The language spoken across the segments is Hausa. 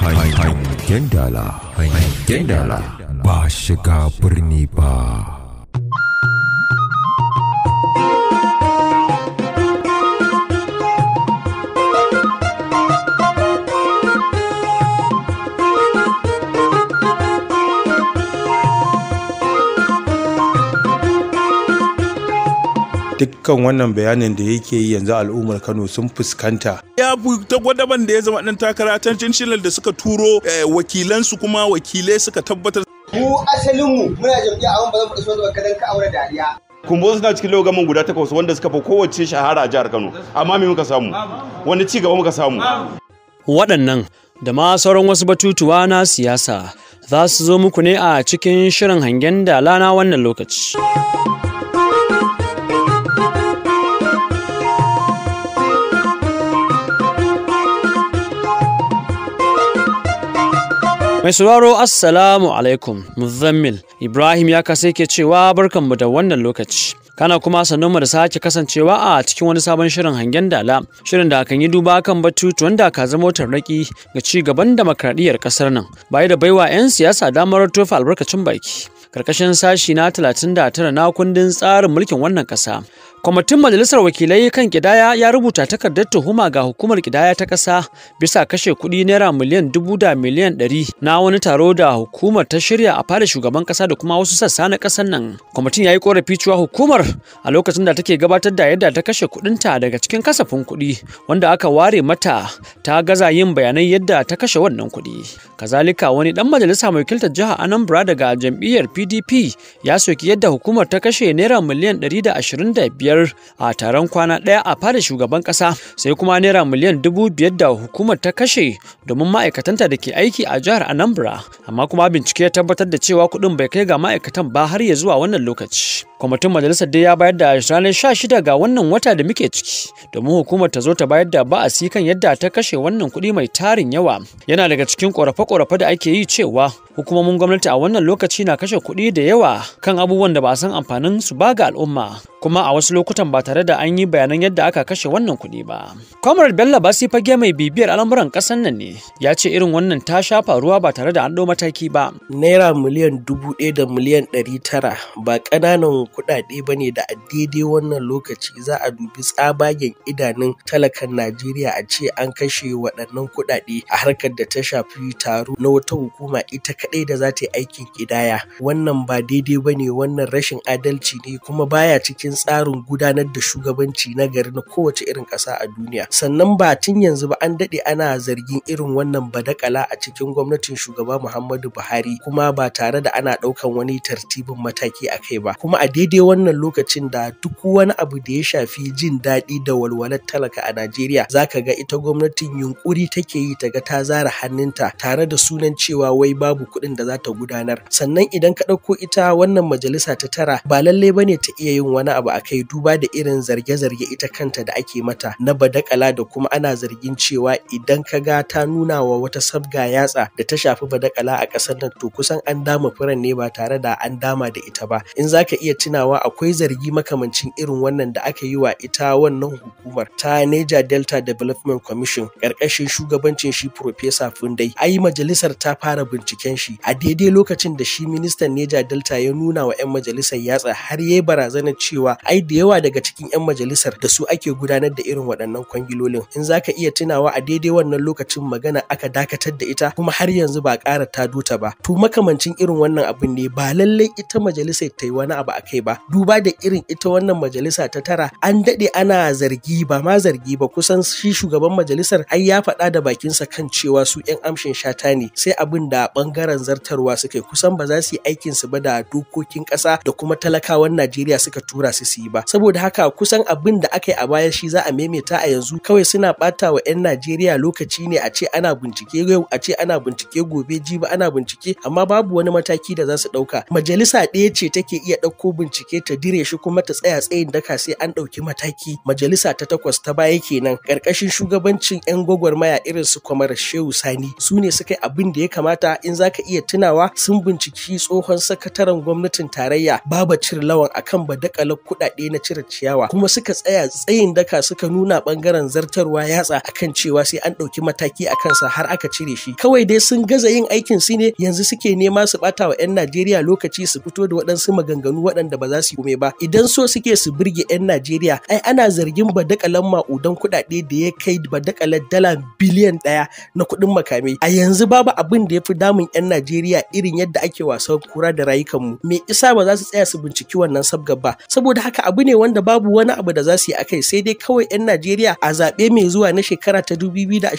Gendala, ba shiga birni ba. dukkan wannan bayanin da yake yi yanzu al'ummar kano sun fuskanta babu tagwadaban da ya zama dan takara ta cincilar da suka turo eh, wakilansu kuma wakilai suka tabbatar mu asalinmu muna jam'iyya a ba za mu iso zuwa kadan ka aure dariya kumbo suna cikin logaman guda takwas wanda suka fi kowace shahara a jihar kano amma me muka samu wani ci gaba muka samu waɗannan da ma sauran wasu batutuwa na siyasa za su zo muku ne a cikin shirin hangen da lana wannan lokaci Mai sauraro Assalamu alaikum Muzammil Ibrahim ya kasa ke cewa barkanmu da wannan lokaci. Kana kuma sannunmu da sake kasancewa a cikin wani sabon shirin hangen dala, shirin da kan yi duba kan batutuwan da ka zama tarnaki ga ci gaban demokradiyyar kasar nan, baya da baiwa 'yan siyasa damar tofa albarkacin baki. Karkashin sashi na 39 na kundin tsarin mulkin wannan ƙasa. Kwamitin Majalisar Wakilai kan Kidaya ya rubuta takardar tuhuma ga hukumar Kidaya ta ƙasa bisa kashe kuɗi naira miliyan dubu da miliyan ɗari na wani taro da hukumar ta shirya a fada shugaban ƙasa da kuma wasu sassa na ƙasar nan. Kwamitin ya yi ƙorafi cewa hukumar a lokacin da take gabatar da yadda ta kashe kuɗinta daga cikin kasafin kuɗi wanda aka ware mata ta gaza yin bayanai yadda ta kashe wannan kuɗi. Kazalika wani ɗan majalisa mai wakiltar jihar Anambra daga jam'iyyar PDP ya soki yadda hukumar ta kashe naira miliyan ɗari da ashirin da biyar biyar a taron kwana ɗaya a fada shugaban ƙasa sai kuma naira miliyan dubu biyar da hukumar ta kashe domin ma'aikatanta da ke aiki a jihar Anambra amma kuma bincike ya tabbatar da cewa kuɗin bai kai ga ma'aikatan ba har ya zuwa wannan lokaci. kwamitin majalisar dai ya bayar da ranar shida ga wannan wata da muke ciki domin hukumar ta zo ta bayar da ba'asi kan yadda ta kashe wannan kuɗi mai tarin yawa yana daga cikin ƙorafe-ƙorafe da ake yi cewa hukumomin gwamnati a wannan lokaci na kashe kuɗi da yawa kan abubuwan da ba a san amfanin su ba ga al'umma kuma a wasu lokutan ba tare da an yi bayanan yadda aka kashe wannan kuɗi ba. Comrade Bello Basi fage mai bibiyar al'amuran ƙasar nan ne ya ce irin wannan ta sha ruwa ba tare da an ɗau mataki ba. Naira miliyan dubu ɗaya da miliyan ɗari tara ba ƙananan kuɗaɗe ba da a daidai wannan lokaci za a dubi tsabagen idanun talakan Najeriya a ce an kashe waɗannan kuɗaɗe a harkar da ta shafi taro na wata hukuma ita kaɗai da za ta yi aikin ƙidaya. Wannan ba daidai bane wannan rashin adalci ne kuma baya cikin tsarin gudanar da shugabanci na gari na kowace irin ƙasa a duniya. Sannan ba tun yanzu ba an daɗe ana zargin irin wannan badakala a cikin gwamnatin shugaba Muhammadu Buhari kuma ba tare da ana ɗaukan wani tartibin mataki a kai ba. Kuma a daidai wannan lokacin da duk wani abu da ya shafi jin daɗi da walwalar talaka a Najeriya zaka ga ita gwamnatin yunkuri take yi ta ga ta zara hannunta tare da sunan cewa wai babu kuɗin da za ta gudanar sannan idan ka ɗauko ita wannan majalisa ta tara ba lalle bane ta iya yin wani abu akai duba da irin zarge-zarge ita kanta da ake mata na badakala da kuma ana zargin cewa idan ka ga ta nuna wa wata sabga yatsa da ta shafi badakala a ƙasar nan to kusan an dama furan ne ba tare da an dama da ita ba in zaka iya cin tunawa akwai zargi makamancin irin wannan da aka yi wa ita wannan hukumar ta Niger Delta Development Commission karkashin shugabancin shi Profesa Fundai. Ai majalisar ta fara binciken shi a daidai lokacin da shi ministan Niger Delta ya nuna wa 'yan majalisar yatsa har ya yi barazanar cewa ai da yawa daga cikin 'yan majalisar da su ake gudanar da irin waɗannan kwangilolin. In zaka iya tunawa a daidai wannan lokacin magana aka dakatar da ita kuma har yanzu ba ƙara ta duta ba. To makamancin irin wannan abin ne ba lallai ita majalisar ta yi wani abu a kai ba duba da irin ita wannan majalisa ta tara an daɗe ana zargi ba ma zargi ba kusan shi shugaban majalisar ai ya faɗa da bakinsa kan cewa su ƴan amshin shata ne sai abin da ɓangaren zartarwa suka yi kusan ba za su yi aikin su ba da dokokin ƙasa da kuma talakawan Najeriya suka tura su su yi ba saboda haka kusan abin da aka yi a baya shi za a maimaita a yanzu kawai suna ɓata wa 'yan Najeriya lokaci ne a ce ana bincike yau a ce ana bincike gobe jibi ana bincike amma babu wani mataki da za su ɗauka majalisa ɗaya ce take iya ɗauko bincike bincike ta dire shi kuma ta tsaya tsayin daka sai an ɗauki mataki majalisa ta takwas ta baya kenan ƙarƙashin shugabancin 'yan gwagwarmaya irin su kwamar shehu sani su ne suka yi abin da ya kamata in za ka iya tunawa sun binciki tsohon sakataren gwamnatin tarayya baba cirlawan akan dakala kuɗaɗe na cire ciyawa kuma suka tsaya tsayin daka suka nuna ɓangaren zartarwa yatsa akan cewa sai an ɗauki mataki a kansa har aka cire shi kawai dai sun gaza yin aikin su ne yanzu suke nema su ɓata wa 'yan najeriya lokaci su fito da waɗansu maganganu waɗanda da ba za su yi komai ba idan so suke su birge 'yan Najeriya ai ana zargin badakalan ma'udan kuɗaɗe da ya kai badakalar dala biliyan ɗaya na kuɗin makami. a yanzu babu abin da ya fi damun 'yan Najeriya irin yadda ake wasan kura da rayukanmu me isa ba za su tsaya su binciki wannan sabga ba saboda haka abu ne wanda babu wani abu da za su yi akai sai dai kawai 'yan Najeriya a zaɓe mai zuwa na shekara ta 2023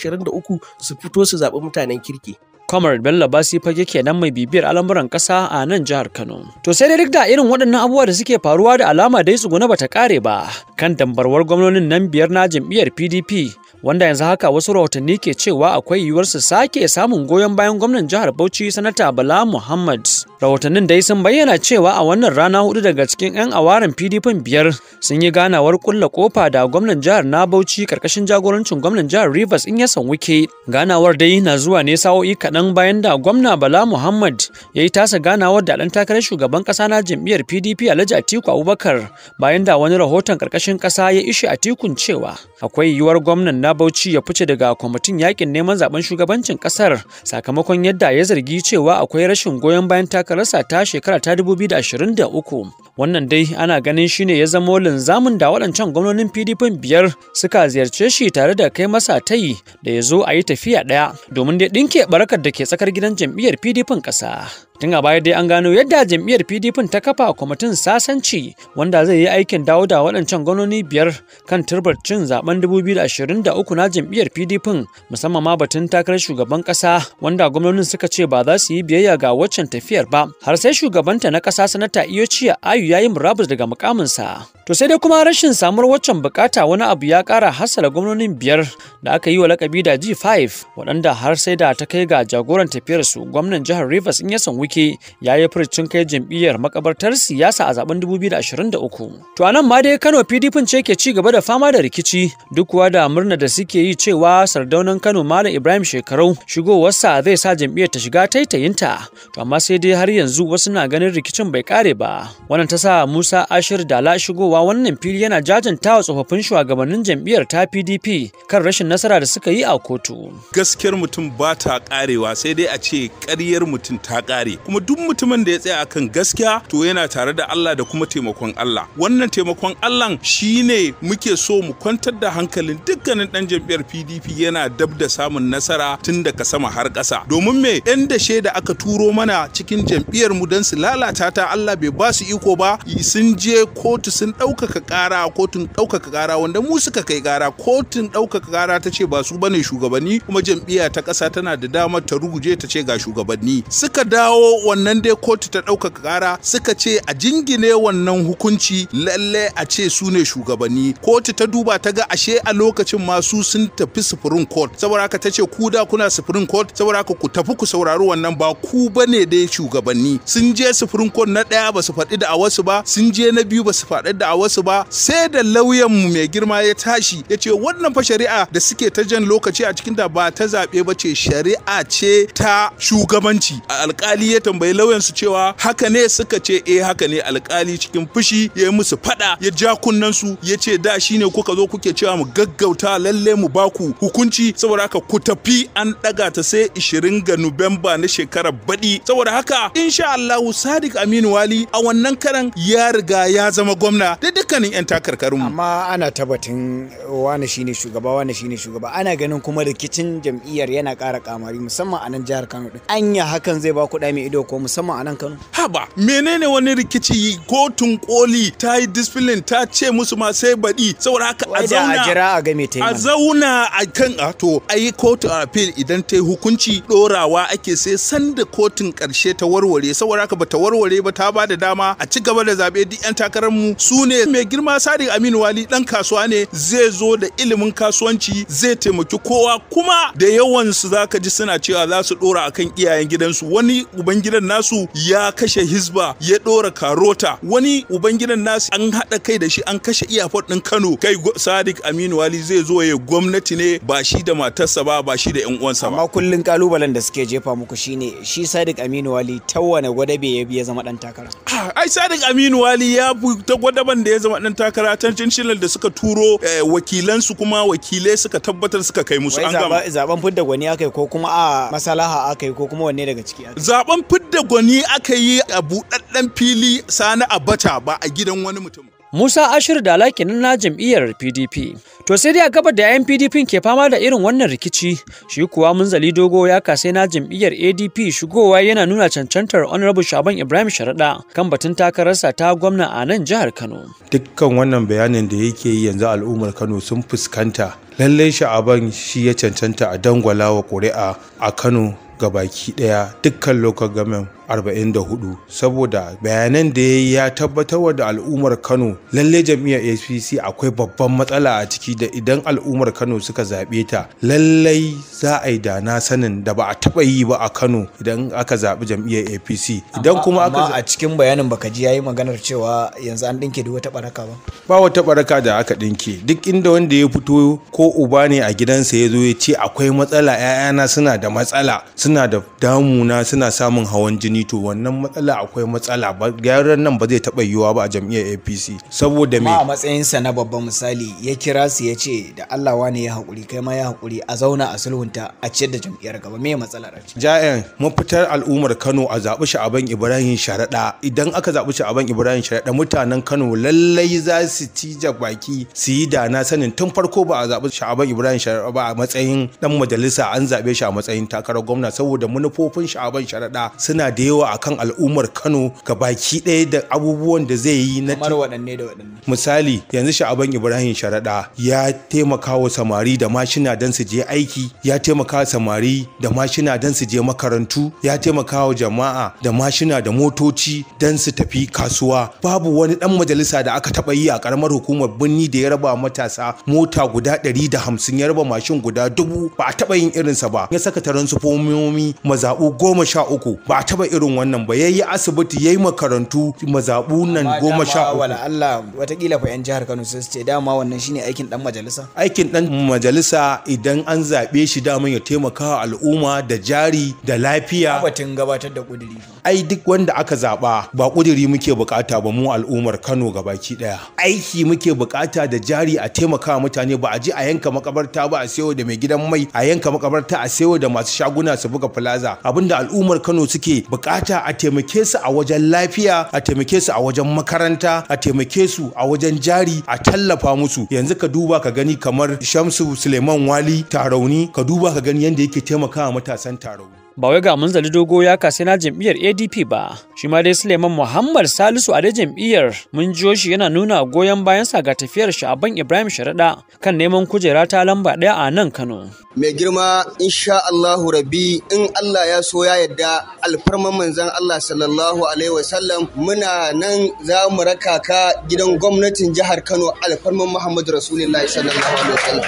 su fito su zaɓi mutanen kirki. Comrade Bello Basi fage kenan mai bibiyar al'amuran kasa a nan jihar Kano. To sai dai duk da irin waɗannan abubuwa da suke faruwa da alama dai tsuguna bata kare ba kan dambarwar gwamnonin nan biyar na jam'iyyar PDP wanda yanzu haka wasu rahotanni ke cewa akwai yiwuwar su sake samun goyon bayan gwamnan jihar Bauchi sanata Bala Muhammad rahotannin dai sun bayyana cewa a wannan rana hudu daga cikin 'yan awarin pdp biyar sun yi ganawar kulla kofa da gwamnan jihar na bauchi karkashin jagorancin gwamnan jihar rivers in ya wuke. ganawar dai na zuwa ne sa'o'i kaɗan bayan da gwamna bala muhammad ya yi tasa ganawar da ɗan takarar shugaban ƙasa na jam'iyyar pdp alhaji atiku abubakar bayan da wani rahoton karkashin ƙasa ya ishe atikun cewa akwai yiwuwar gwamnan na bauchi ya fice daga kwamitin yakin neman zaben shugabancin ƙasar sakamakon yadda ya zargi cewa akwai rashin goyon bayan takarar aka rasa ta shekara ta 2023 wannan dai ana ganin shi ne ya zamo linzamin da waɗancan gwamnonin pdp biyar suka ziyarce shi tare da kai masa tayi da ya zo a yi tafiya ɗaya domin dai ɗinke barakar da ke tsakar gidan jam'iyyar pdp ƙasa Tun a baya dai an gano yadda jam'iyyar PDP ta kafa kwamitin sasanci wanda zai yi aikin dawo da waɗancan gwanoni biyar kan turbar cin zaben 2023 na jam'iyyar PDP musamman ma batun takarar shugaban ƙasa wanda gwamnonin suka ce ba za su yi biyayya ga waccan tafiyar ba har sai shugabanta na ƙasa sanata ciya Ayu ya yi murabus daga mukaminsa. To sai dai kuma rashin samuwar waccan bukata wani abu ya ƙara hasala gwamnonin biyar da aka yi wa lakabi da G5 waɗanda har sai da ta kai ga jagoran tafiyarsu gwamnan jihar Rivers in ya san yaya ya yi furcin kai jam'iyyar makabartar siyasa a zaben 2023. To anan ma dai Kano PDP ce ke ci gaba da fama da rikici duk kuwa da murna da suke yi cewa sardaunan Kano Malam Ibrahim Shekarau shigowarsa zai sa jam'iyyar ta shiga taitayinta. To amma sai dai har yanzu wasu na ganin rikicin bai kare ba. Wannan ta sa Musa Ashir Dala shigowa wannan fili yana jajanta wa tsofaffin shugabannin jam'iyyar ta PDP kan rashin nasara da suka yi a kotu. Gaskiyar mutum ba ta karewa sai dai a ce karyar mutum ta kare kuma duk mutumin da ya tsaya akan gaskiya to yana tare da Allah da kuma taimakon Allah wannan taimakon Allah shine muke so mu kwantar da hankalin dukkanin dan jam'iyyar PDP yana dab da samun nasara tun daga sama har ƙasa domin me yan dashe da aka turo mana cikin jam'iyyar mu dan su lalata ta Allah bai ba su iko ba sun je kotu sun ɗaukaka ƙara kotun ɗaukaka ƙara wanda mu suka kai ƙara kotun ɗaukaka ƙara ta ce ba su bane shugabanni kuma jam'iyya ta ƙasa tana da damar ta ruguje ta ce ga shugabanni suka dawo wannan dai kotu ta ɗaukaka ƙara suka ce a jingine wannan hukunci lalle a ce su ne shugabanni kotu ta duba ta ga ashe a lokacin masu sun tafi supreme court saboda haka ta ce ku da kuna supreme court saboda haka ku tafi ku saurari wannan ba ku bane dai shugabanni sun je supreme court na ɗaya ba su faɗi da awarsu ba sun je na biyu ba su faɗi da wasu ba sai da lauyan mu mai girma ya tashi ya ce wannan fa shari'a da suke ta jan lokaci a cikin da ba ta zaɓe ba ce shari'a ce ta shugabanci a alkali ya tambayi lauyansu cewa haka ne suka ce eh haka ne alkali cikin fushi ya yi musu fada ya ja kunnen su ya ce da shine kuka zo kuke cewa mu gaggauta lalle mu baku hukunci saboda haka ku tafi an daga ta sai 20 ga Nuwamba na shekarar baɗi saboda haka insha Allah Sadiq Aminu Wali a wannan karan ya riga ya zama gwamna da dukkanin 'yan takarkarinmu. Amma ana tabbatin wane shine shugaba wane shine shugaba ana ganin kuma rikicin jam'iyyar yana ƙara kamari musamman a nan jihar Kano din. Anya hakan zai ba ku dami mai ido ko musamman a nan Kano. Haba menene wani rikici kotun koli ta yi disfilin ta ce musu ma sai baɗi saboda haka a zauna a jira a ga ta yi. A zauna a kan a to a yi kotun appeal idan ta yi hukunci ɗorawa ake sai sanda kotun karshe ta warware saboda haka bata warware ba ta ba da dama a ci gaba da zaɓe duk 'yan takarar mu su ne mai girma sadi Aminu Wali ɗan kasuwa ne zai zo da ilimin kasuwanci zai taimaki kowa kuma da yawansu zaka ji suna cewa za su ɗora akan iyayen gidansu wani uba ubangidan nasu ya kashe hizba ya dora karota wani ubangidan nasu an haɗa kai da shi an kashe iyafot ɗin kano kai sadiq aminu wali zai zo ya gwamnati ne ba shi da matarsa ba ba shi da yan uwansa ba amma kullun kalubalen da suke jefa muku shine shi sadiq aminu wali ta wane gwadabe ya zama ɗan takara ai sadiq aminu wali ya ta gwadaban da ya zama dan takara tantancinar da suka turo eh, wakilansu kuma wakilai suka tabbatar suka kai musu an gama zaben fidda gwani aka yi ko kuma a masalaha aka yi ko kuma wanne daga ciki zaben fidda gwani aka yi a buɗaɗɗen fili sani bata ba a gidan wani mutum Musa Ashir Dala kenan na jam'iyyar PDP. To sai dai a gaba da yayan PDP ke fama da irin wannan rikici, shi kuwa Munzali Dogo ya kase na jam'iyyar ADP shigowa yana nuna cancantar Honorable Shaban Ibrahim Sharaɗa kan batun takararsa ta gwamna a nan jihar Kano. Dukkan wannan bayanin da yake yi yanzu al'ummar Kano sun fuskanta. Lallai Sha'aban shi ya cancanta a dangwala wa ƙuri'a a Kano ga baki ɗaya dukkan local government 44 saboda bayanan da ya yi ya tabbatar da al'ummar kano lalle jam'iyyar apc akwai babban matsala a ciki da idan al'ummar kano suka zaɓe ta lallai za a yi da na sanin da ba a taɓa yi ba a kano idan aka zaɓi jam'iyyar apc idan kuma aka a cikin bayanin baka ji yayi maganar cewa yanzu an dinke da wata baraka ba ba wata baraka da aka dinke duk inda wanda ya fito ko uba ne a gidansa ya zo ya ce akwai matsala 'ya'yana suna da matsala suna da damuna suna samun hawan jini to wannan matsala akwai matsala ba gyaran nan ba zai taɓa yiwuwa ba a jam'iyyar apc saboda me a matsayinsa na babban misali ya kira su ya ce da allah wane ya haƙuri kai ma ya haƙuri a zauna a sulhunta a ciyar da jam'iyyar gaba me matsalar ja'en mafitar al'ummar kano a zaɓi sha'aban ibrahim sharaɗa idan aka zaɓi sha'aban ibrahim sharaɗa mutanen kano lallai za su tija baki su yi dana sanin tun farko ba a zaɓi sha'aban ibrahim sharaɗa ba a matsayin ɗan majalisa an zaɓe shi a matsayin takarar gwamna saboda manufofin sha'aban sharaɗa suna da da yawa akan al'ummar Kano ga baki ɗaya da abubuwan da zai yi na kamar waɗanne da waɗanne misali yanzu Sha'aban Ibrahim Sharaɗa ya taimaka wa samari da mashina don su je aiki ya taimaka wa samari da mashina don su je makarantu ya taimaka wa jama'a da mashina da motoci don su tafi kasuwa babu wani ɗan majalisa da aka taɓa yi a ƙaramar hukumar birni da ya raba matasa mota guda ɗari da hamsin ya raba mashin guda dubu ba a taɓa yin irinsa ba ya taron su fomomi mazaɓu goma sha uku ba a taɓa irin wannan ba yayi asibiti yayi makarantu mazabu nan goma sha uku wala Allah watakila fa yan jihar Kano sai su ce dama wannan shine aikin dan majalisa aikin dan majalisa idan an zabe shi dama ya taimaka al'umma da jari da lafiya batun gabatar da kuduri ai duk wanda aka zaba ba kuduri muke bukata ba mu al'ummar Kano gabaki daya aiki muke bukata da jari a taimaka mutane ba a ji a yanka makabarta ba a sayo da mai gidan mai a yanka makabarta a sayo da masu shaguna su buga plaza abinda al'ummar Kano suke bukata a taimake su a wajen lafiya a taimake su a wajen makaranta a taimake su a wajen jari a tallafa musu yanzu ka duba ka gani kamar shamsu suleiman wali tarauni ka duba ka gani yadda yake taimakawa matasan tarauni ba wai ga munzali dogo ya kasai na jam'iyyar adp ba shi ma dai suleiman muhammad salisu a dai jam'iyyar mun jiyo shi yana nuna goyon bayan sa ga tafiyar sha'aban ibrahim sharaɗa kan neman kujera ta lamba ɗaya a nan kano mai girma insha allahu rabi in allah ya so ya yadda alfarman manzan allah sallallahu alaihi wasallam muna nan za mu raka ka gidan gwamnatin jihar kano alfarman muhammadu rasulullahi sallallahu alaihi wasallam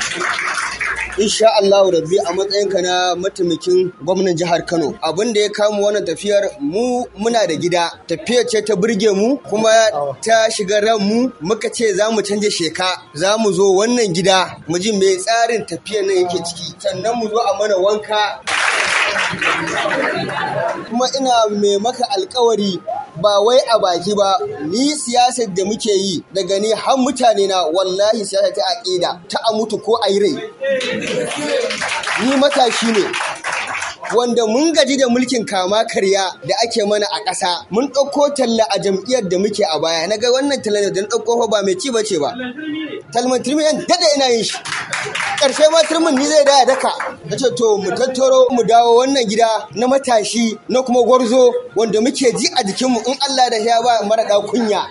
insha Allah rabbi a matsayinka na mataimakin gwamnan jihar Kano abin da ya kama wannan tafiyar mu muna da gida Tafiya ce ta burge mu kuma ta shiga ran mu muka ce za mu canje sheka za mu zo wannan gida mu ji mai tsarin tafiyar nan yake ciki sannan mu zo a mana wanka kuma ina mai maka alkawari ba wai a baki ba ni siyasar da muke yi daga ni har mutane na wallahi siyasa ta aƙida ta a mutu ko a yi rai ni matashi ne wanda mun gaji da mulkin kama karya da ake mana a ƙasa mun ɗauko talla a jam'iyyar da muke a baya na ga wannan talla da na ɗauko ba mai ci ce ba talman turmi yan daɗa ina yin shi ƙarshe ma turmin ni zai daya daka na ce to mu tattaro mu dawo wannan gida na matashi na kuma gwarzo wanda muke ji a jikinmu in Allah da ya ba mara da kunya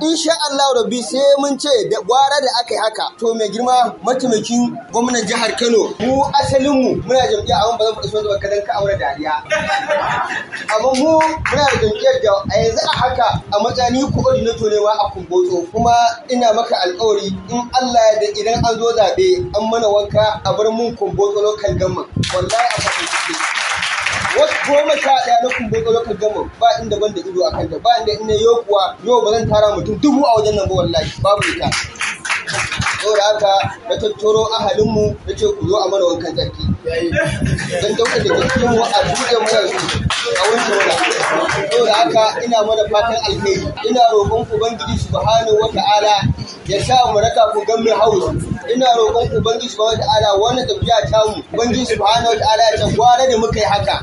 insha Allah rabbi sai mun ce da gwara da aka yi haka to mai girma mataimakin gwamnan jihar Kano mu asalin mu muna jam'iyyar amma ba zan faɗi sunan kadan ka aure dariya amma mu muna da jam'iyyar da a yanzu a haka a matsayin ku na ne a kumbotso kuma ina maka alƙawari in Allah da idan an zo zabe an mana wanka a bar mun kumbotso lokal gamma wallahi a faɗi wasu goma sha ɗaya na kumbai ko lokacin gama ba inda ban da ido a kanta ba inda ina yau kuwa yau ba zan tara mutum dubu a wajen nan ba wallahi babu ita saboda haka na tattaro ahalinmu na ce ku zo a mana wankan tsarki Zan daukar da jikin mu a buɗe mana su a wancan wala saboda haka ina mana fatan alheri ina roƙon ubangiji subhanahu wata'ala ya sa mu raka ku gamin hausa ina roƙon ubangiji subhanahu ta'ala wannan tafiya ta mu ubangiji subhanahu wataala ya ce gware da muka yi haka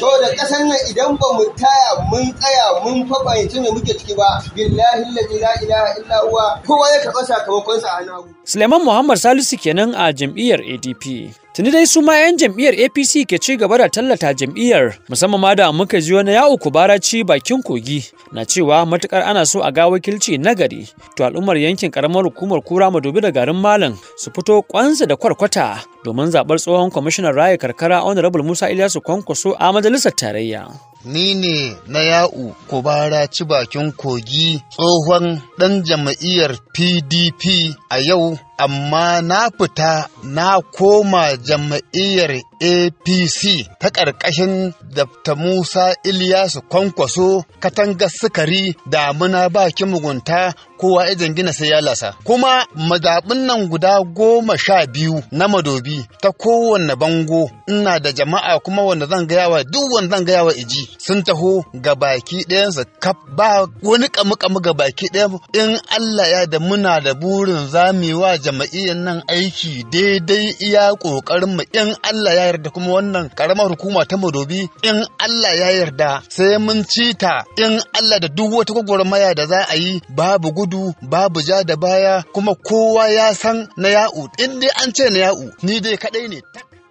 to da kasan nan idan ba mu taya mun tsaya mun faɓa fahimci me muke ciki ba billahi allazi la ilaha illa huwa kowa ya karɓa sakamakon sa a Suleiman Muhammad Salisu kenan a jam'iyyar ADP Tuni dai su ma 'yan jam'iyyar APC ke ci gaba da tallata jam'iyyar musamman ma da muka ji wani yawo kubaraci bakin kogi na cewa matukar ana so a ga wakilci na gari to al'ummar yankin karamar hukumar kura madobi da garin malam su fito kwansa da kwarkwata domin zabar tsohon kwamishinan raya karkara honorable musa ilyasu kwankwaso a majalisar tarayya. ni ne na ya'u kubara ci bakin kogi tsohon ɗan jam'iyyar pdp a yau amma na fita na koma jam'iyyar apc ta ƙarƙashin dafta musa iliyasu kwankwaso katangar sukari damuna bakin mugunta kowa ya gina sai ya lasa kuma mazaɓin nan guda goma sha biyu na madobi ta kowanne bango ina da jama'a kuma wanda zan gaya wa duk wanda zan gaya wa iji sun taho ga baki ɗayansa kaf ba wani kamu-kamu ga baki ɗaya in Allah ya da muna da burin zamewa jama'iyyar nan aiki daidai iya ƙoƙarinmu in Allah ya yarda kuma wannan karamar hukuma ta madobi in Allah ya yarda sai mun ci ta in Allah da duk wata maya da za a yi babu gudu babu ja da baya kuma kowa ya san na ya'u in dai an ce na ya'u ni dai kadai ne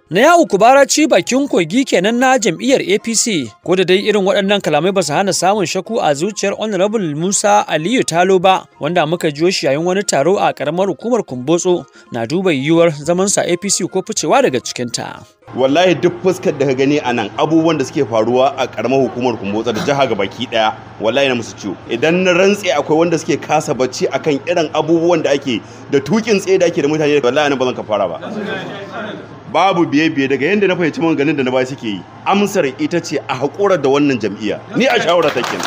na ya uku baraci bakin kogi kenan na jam'iyyar apc ko da dai irin waɗannan kalamai ba su hana samun shaku a zuciyar honorable musa aliyu talo ba wanda muka jiyo shi yayin wani taro a ƙaramar hukumar kumbotso na duba yiwuwar zamansa apc ko ficewa daga cikinta wallahi duk fuskar da ka gani a nan abubuwan da suke faruwa a ƙaramar hukumar kumbotso da jiha gabaki daya wallahi na musu ciwo idan na rantse akwai wanda suke kasa bacci akan irin abubuwan da ake da tukin tsaye da ake da mutane wallahi na ba zan ka fara ba babu biye-biye daga yadda na fahimci ganin da na ba suke yi amsar ita ce a haƙurar da wannan jam'iyya ni a shawara take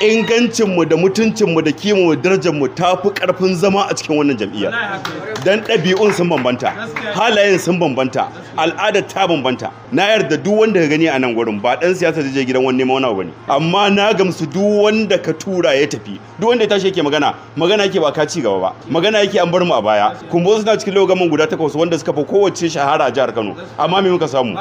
ingancinmu da mutuncinmu da kimanmu da darajarmu ta fi ƙarfin zama a cikin wannan jam'iyyar don ɗabi'un sun bambanta halayen sun bambanta al'adar ta bambanta na yarda duk wanda ka gani a nan gurin ba ɗan siyasa zai je gidan wani neman wani bane amma na gamsu duk wanda ka tura ya tafi duk wanda ya tashi yake magana magana yake ba ka ci gaba ba magana yake an bar mu a baya kumbo suna cikin lokacin guda takwas wanda suka fi kowace shahara a jihar Kano amma me muka samu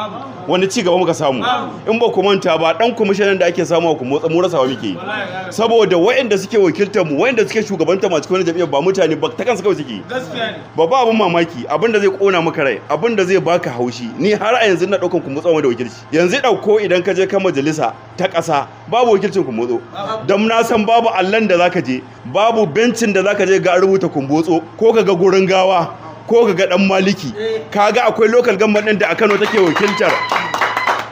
wani ci gaba muka samu in ba ku manta ba dan kwamishinan da ake samu ku motsa mu wa muke suke saboda waɗanda suke wakiltar mu waɗanda suke shugabanta masu kwanar jami'a ba mutane ba ta kansu kawai suke ba ba abin mamaki abin da zai kona maka rai abin da zai baka haushi ni har a yanzu na ɗaukan kumutsa wanda wakilci yanzu ɗauko idan ka je ka majalisa ta ƙasa babu wakilcin kumbotso don na san babu allon da zaka je babu bencin da zaka je ga rubuta kumbotso ko ka ga gurin gawa ko ka ga ɗan maliki eh. Ka ga akwai lokal government ɗin da a Kano take wakiltar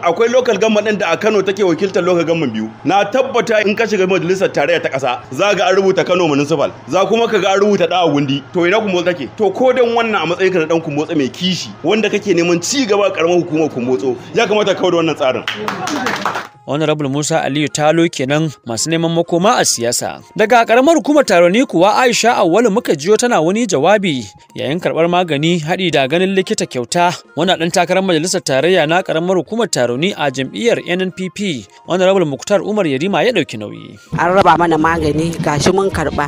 akwai lokal government din da a Kano take wakiltar local government biyu na tabbata in ka shiga majalisar tarayya ta ƙasa za ga an rubuta Kano municipal za kuma ka ga an rubuta da gundi to ina motsa take to ko dan wannan a matsayin ka na dan motsa mai kishi wanda kake neman ci gaba karamar hukumar motso ya kamata ka da wannan tsarin Honorable Musa Aliyu Talo kenan masu neman makoma a siyasa. Daga karamar hukumar Taroni kuwa Aisha Awalu muka jiyo tana wani jawabi yayin karɓar magani haɗi da ganin likita kyauta wani ɗan takarar majalisar tarayya na karamar hukumar Taroni zaune a jam'iyyar NNPP rabar Muktar Umar Yarima ya ɗauki nauyi. An raba mana magani gashi mun karɓa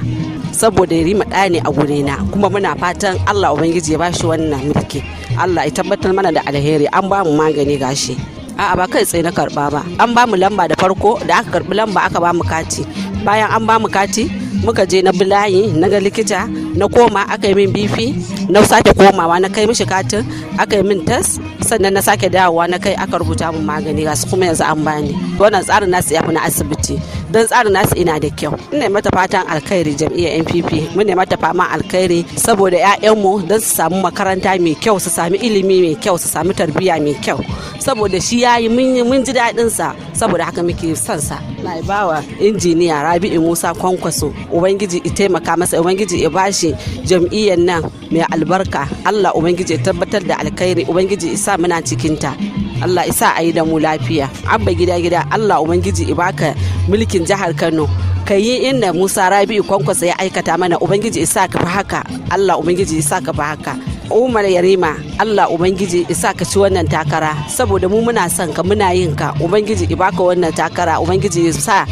saboda Yarima ɗaya ne a na kuma muna fatan Allah Ubangiji ya bashi wannan mulki. Allah ya tabbatar mana da alheri an ba mu magani gashi. a'a ba kai tsaye na karba ba an ba mu lamba da farko da aka karbi lamba aka ba mu kati bayan an ba mu kati muka je na bilayi na ga likita na koma aka yi min bifi na sake komawa na kai mishi katin aka yi min tas sannan na sake dawowa na kai aka rubuta min magani gasu kuma yanzu an bani wannan tsarin nasu ya fi na asibiti don tsarin nasu ina da kyau ina mata fatan alkhairi jam'iyyar npp muna mata fama alkhairi saboda ƴaƴanmu don su samu makaranta mai kyau su sami ilimi mai kyau su sami tarbiyya mai kyau saboda shi yayi mun ji daɗin sa saboda haka muke son sa na bawa injiniya rabi'u musa kwankwaso ubangiji i taimaka masa ubangiji ya bashi jam'iyyar nan mai albarka allah ubangiji ya tabbatar da alkhairi ubangiji isa sa muna cikinta Allah isa a yi da mu lafiya abba gida gida Allah ubangiji ibaka mulkin jihar Kano ka yi inda Musa Rabi'u kwankwasa ya aikata mana ubangiji isa ka fi haka Allah ubangiji isa ka fi haka Umar Yarima Allah Ubangiji isa ka ci wannan takara saboda mu muna son ka muna yin ka Ubangiji ibaka wannan takara Ubangiji sa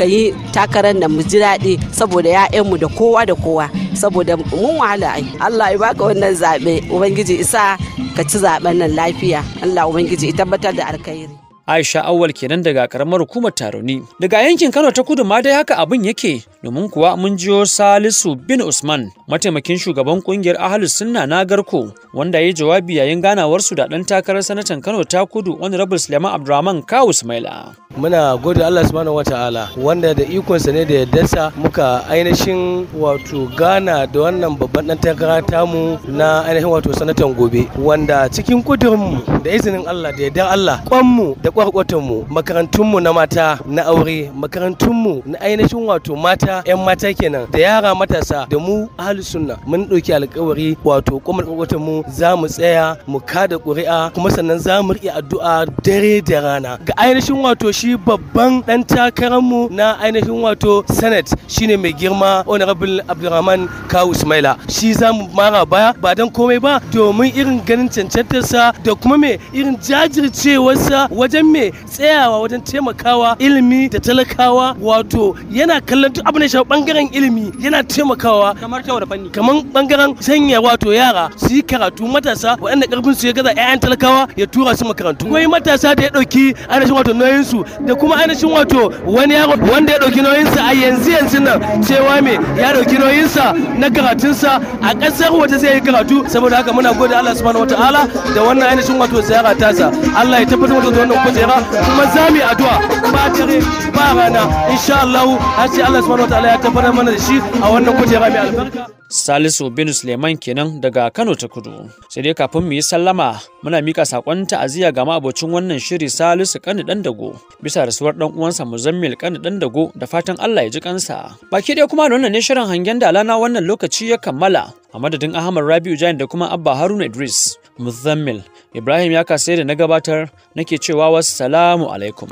ka yi takarar nan mu ji daɗi saboda ‘ya'yanmu da kowa da kowa saboda mun wahala ai Allah ibaka wannan zaɓe Ubangiji isa ka ci zaɓen nan lafiya Allah Ubangiji i tabbatar da alkhairi. Aisha Awal kenan daga karamar hukumar Taroni. Daga yankin Kano ta kudu ma dai haka abin yake domin kuwa mun jiyo Salisu bin Usman mataimakin shugaban kungiyar Ahlus Sunna na Garko wanda ya jawabi yayin ganawar su da dan takarar sanatan Kano ta Kudu wani Honorable Suleiman Abdulrahman Kawu Ismaila. Muna gode Allah subhanahu wataala wanda da ikonsa ne da yaddarsa muka ainihin wato gana da wannan babban dan takara tamu na ainihin wato sanatan gobe wanda cikin mu da izinin Allah da yaddar Allah kwanmu da kwarkwatanmu makarantunmu na mata na aure makarantunmu na ainihin wato mata mata 'yan mata kenan da yara matasa da mu ahli sunna mun ɗauki alkawari wato kuma kwakwatan mu za mu tsaya mu kada ƙuri'a kuma sannan za mu riƙe addu'a dare da rana ga ainihin wato shi babban ɗan mu na ainihin wato senate shine mai girma honorable abdulrahman kawu ismaila shi za mu mara baya ba don komai ba domin irin ganin cancantarsa da kuma me irin jajircewarsa wajen me tsayawa wajen taimakawa ilimi da talakawa wato yana kallon duk abin da shafi bangaren ilimi yana taimakawa kamar kyau da fanni kamar bangaren sanya wato yara su yi karatu matasa waɗanda karfin su ya gaza ƴaƴan talakawa ya tura su makarantu kuma matasa da ya ɗauki ainihin wato nauyin su da kuma ainihin wato wani yaro wanda ya ɗauki nauyin sa a yanzu yanzu nan cewa me ya ɗauki nauyin sa na karatun sa a ƙasar wata sai yi karatu saboda haka muna gode Allah subhanahu wataala da wannan ainihin wato ziyara tasa Allah ya tabbatar da wannan kujera kuma za mu yi addu'a ba tare ba rana insha Allah har sai Allah subhanahu ta'ala ya tafara mana da shi a wannan kujera mai albarka Salisu bin Suleiman kenan daga Kano ta Kudu sai dai kafin mu yi sallama muna mika sakon ta'aziyya ga abocin wannan shiri Salisu dan dago bisa rasuwar dan uwansa Muzammil dan dago da fatan Allah ya ji kansa baki dai kuma wannan ne shirin hangen da na wannan lokaci ya kammala a madadin Ahmad Rabiu Jain da kuma Abba Haruna Idris Muzammil Ibrahim ya kasai da na gabatar nake cewa wassalamu alaikum